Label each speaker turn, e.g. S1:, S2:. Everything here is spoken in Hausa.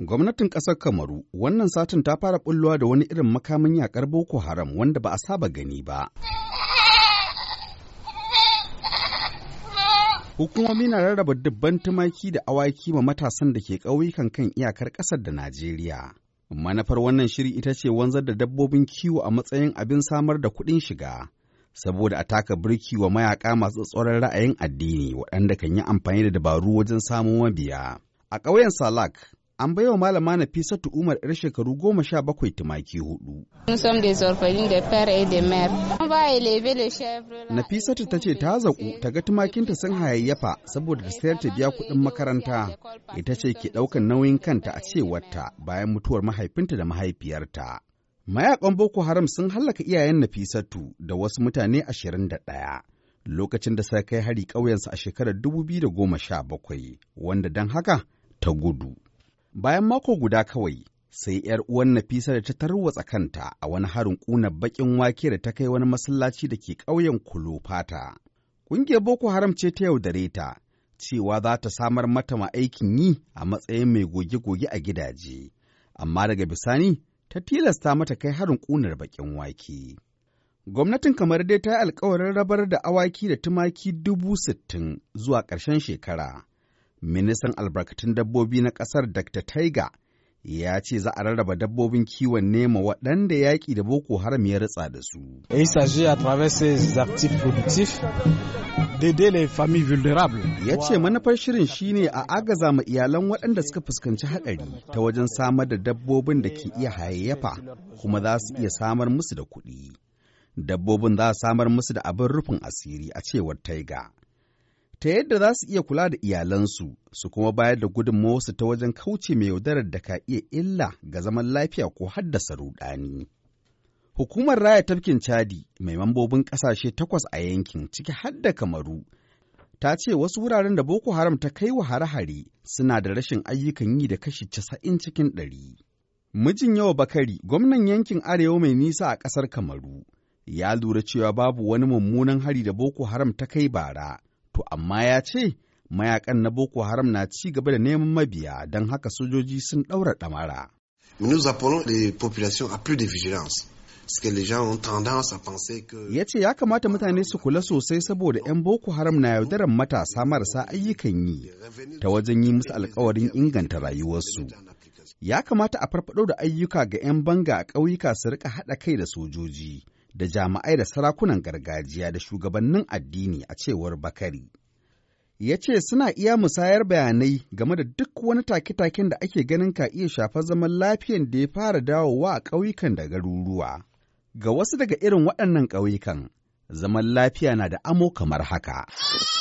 S1: Gwamnatin ƙasar Kamaru wannan satin ta fara bullowa da wani irin makamin yakar Boko Haram wanda ba a saba gani ba. Hukumomi na rarraba dubban tumaki da awaki ma matasan da ke ƙauyukan kan iyakar ƙasar da Najeriya. Manafar wannan shiri ita ce wanzar da dabbobin kiwo a matsayin abin samar da kuɗin shiga, saboda a taka birki wa mayaka masu tsoron ra'ayin addini waɗanda kan yi amfani da dabaru wajen samun mabiya. A ƙauyen Salak, an baiwa malama Nafisatu Umar 'yar shekaru goma sha bakwai tumaki hudu. Nafisatu ta ce ta zaƙu ta ga tumakinta sun hayayyafa saboda ta sayar ta biya kuɗin makaranta. Ita ce ke ɗaukan nauyin kanta a cewarta bayan mutuwar mahaifinta da mahaifiyarta. Mayakan Boko Haram sun hallaka iyayen Nafisatu da wasu mutane ashirin da ɗaya. lokacin da suka kai hari ƙauyensa a shekarar biyu da sha bakwai, wanda don haka ta gudu. Bayan mako guda kawai, sai ‘yar uwan Nafisa da ta tarwatsa kanta a wani harin ƙunar baƙin wake da ta kai wani masallaci da ke ƙauyen Kulofata. Ƙungiyar Boko Haram ce ta yaudare ta, cewa za ta samar mata ma aikin yi a matsayin mai goge-goge a gidaje, amma daga bisani ta tilasta mata kai harin ƙunar baƙin wake. Gwamnatin kamar dai ta yi alkawarin rabar da awaki da tumaki dubu sittin zuwa ƙarshen shekara, ministan albarkatun dabbobi na ƙasar Dr. Taiga ya ce za a rarraba dabbobin kiwon nema waɗanda yaƙi da Boko Haram ya ritsa da su. Ya ce manufar shirin shine a agaza ma iyalan waɗanda suka fuskanci haɗari ta wajen samar da dabbobin da ke iya hayayyafa kuma za su iya samar musu da kuɗi. Dabbobin za a samar musu da abin rufin asiri a cewar Taiga. ta yadda za su iya kula da iyalansu su kuma bayar da gudunmawarsu ta wajen kauce mai yaudarar da ka iya illa ga zaman lafiya ko haddasa rudani. Hukumar Raya Tafkin Chadi mai mambobin ƙasashe takwas a yankin ciki har da Kamaru ta ce wasu wuraren da Boko Haram ta kai wa hare-hare suna da rashin ayyukan yi da kashi casa'in cikin ɗari. Mijin yawa Bakari, gwamnan yankin Arewa mai nisa a ƙasar Kamaru, ya lura cewa babu wani mummunan hari da Boko Haram ta kai bara. to amma ya ce mayakan na Boko Haram na ci gaba da neman mabiya don haka sojoji sun ɗaura ɗamara. Nous appelons les populations à plus Ya ce ya kamata mutane su kula sosai saboda 'yan Boko Haram na yaudarar matasa marasa ayyukan yi ta wajen yi musu alkawarin inganta rayuwarsu. Ya kamata a farfaɗo da ayyuka ga 'yan banga a ƙauyuka su rika haɗa kai da sojoji. da jami'ai da sarakunan gargajiya da shugabannin addini a cewar Bakari. Ya ce suna iya musayar bayanai game da duk wani take-taken da ake ganin ka iya shafa zaman lafiyan da ya fara dawowa a ƙauyukan da garuruwa. Ga wasu daga irin waɗannan ƙauyukan, zaman lafiya na da amo kamar haka.